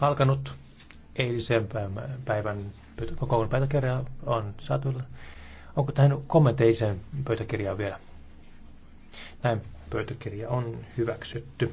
alkanut eilisen päivän kokouksen pöytäkirja on saatuilla. Onko tähän kommenteisen pöytäkirjaan vielä? Näin pöytäkirja on hyväksytty.